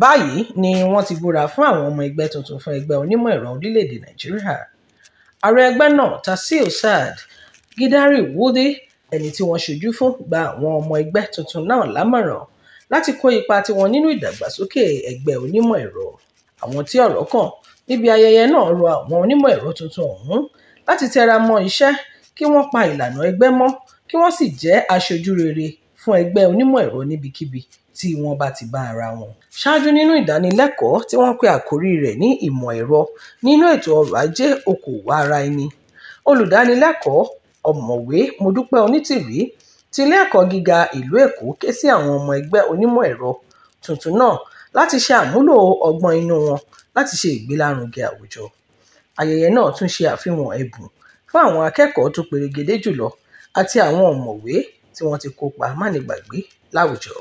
báyìí ni wọ́n ti búra fún àwọn ọmọ ẹgbẹ́ tuntun fún ẹgbẹ́ onímọ̀ ẹ̀rọ orílẹ̀-èdè nàìjíríà ààrẹ ẹgbẹ́ náà Tasiu Saad Gidari Wudi ẹni tí wọ́n ṣojú fún gba àwọn ọmọ ẹgbẹ́ tuntun náà lámọ̀ràn láti kó ipa tiwọn nínú ìdàgbàsókè ẹgbẹ́ onímọ̀ ẹ̀rọ àwọn tí ọ̀rọ̀ kàn níbi ayẹyẹ náà rọ àwọn onímọ̀ ẹ̀rọ tuntun ọ̀hún láti tẹra mọ́ iṣẹ́ kí wọ́n pa ìlànà ẹgbẹ́ mọ́ kí wọ́n sì jẹ́ aṣojú rere fún ẹgbẹ́ onímọ̀ ẹ̀rọ níbikíbi tí wọ́n bá ti bá ara wọn. ṣáájú nínú ìdánilẹ́kọ̀ọ́ tí wọ́n pe àkórí rẹ̀ ní ìmọ̀ ẹ̀rọ nínú ètò ọrọ̀ ajé okòwò ara ẹni olùdánilẹ́kọ̀ọ́ ọ̀mọ̀wé Modúpẹ́ Onítìrí ti ilé ẹ̀kọ́ gíga ìlú Èkó ké sí àwọn ọmọ ẹgbẹ́ onímọ̀ ẹ̀rọ tuntun náà láti ṣe àmúlò ọgbọ́n inú wọn láti ṣe ìgbélárugẹ àwùjọ ayẹyẹ náà tún ṣe àfihàn ẹ̀bùn fún àwọn akẹ́kọ̀ọ́ tó perégedé jùlọ àti àwọn ọ̀mọ̀wé tí wọ́n ti kópa mánigbàgbé láwùjọ.